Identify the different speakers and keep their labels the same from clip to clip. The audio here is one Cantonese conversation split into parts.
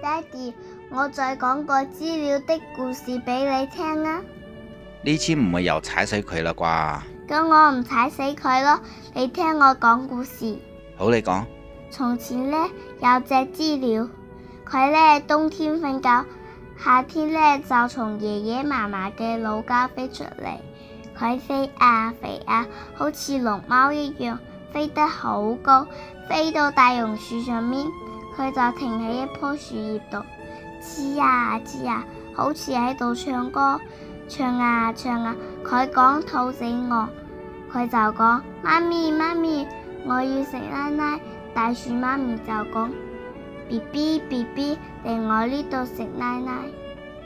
Speaker 1: 爹哋，我再講個知了的故事俾你聽啊！
Speaker 2: 呢次唔係又踩死佢啦啩？
Speaker 1: 咁我唔踩死佢咯，你聽我講故事。
Speaker 2: 好，你講。
Speaker 1: 從前呢，有隻知了，佢呢，冬天瞓覺，夏天呢，就從爺爺嫲嫲嘅老家飛出嚟。佢飛啊飛啊，好似龍貓一樣，飛得好高，飛到大榕樹上面。佢就停喺一棵樹葉度，吱呀吱呀，好似喺度唱歌，唱啊唱啊。佢講肚死我，佢就講媽咪媽咪，我要食奶奶。大樹媽咪就講，bb bb，嚟我呢度食奶奶。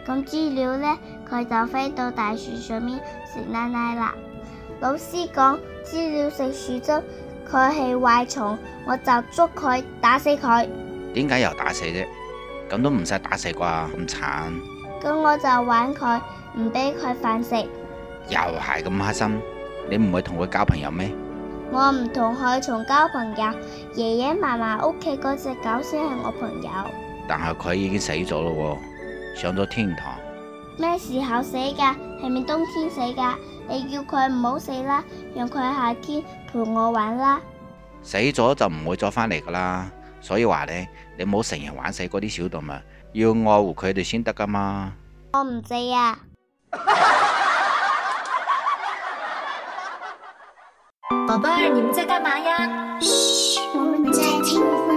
Speaker 1: 咁知料知了呢，佢就飛到大樹上面食奶奶啦。老師講知了食樹汁，佢係壞蟲，我就捉佢，打死佢。
Speaker 2: 點解又打死啫？咁都唔使打死啩？咁慘。
Speaker 1: 咁我就玩佢，唔俾佢飯食，
Speaker 2: 又係咁黑心。你唔會同佢交朋友咩？
Speaker 1: 我唔同佢重交朋友，爺爺嫲嫲屋企嗰隻狗先係我朋友。
Speaker 2: 但係佢已經死咗咯，上咗天堂。
Speaker 1: 咩時候死噶？係咪冬天死噶？你叫佢唔好死啦，讓佢夏天陪我玩啦。
Speaker 2: 死咗就唔會再返嚟噶啦。所以話呢，你冇成日玩死嗰啲小動物，要愛護佢哋先得噶嘛。
Speaker 1: 我唔知啊。寶 貝，你們在幹嗎呀？嘘。我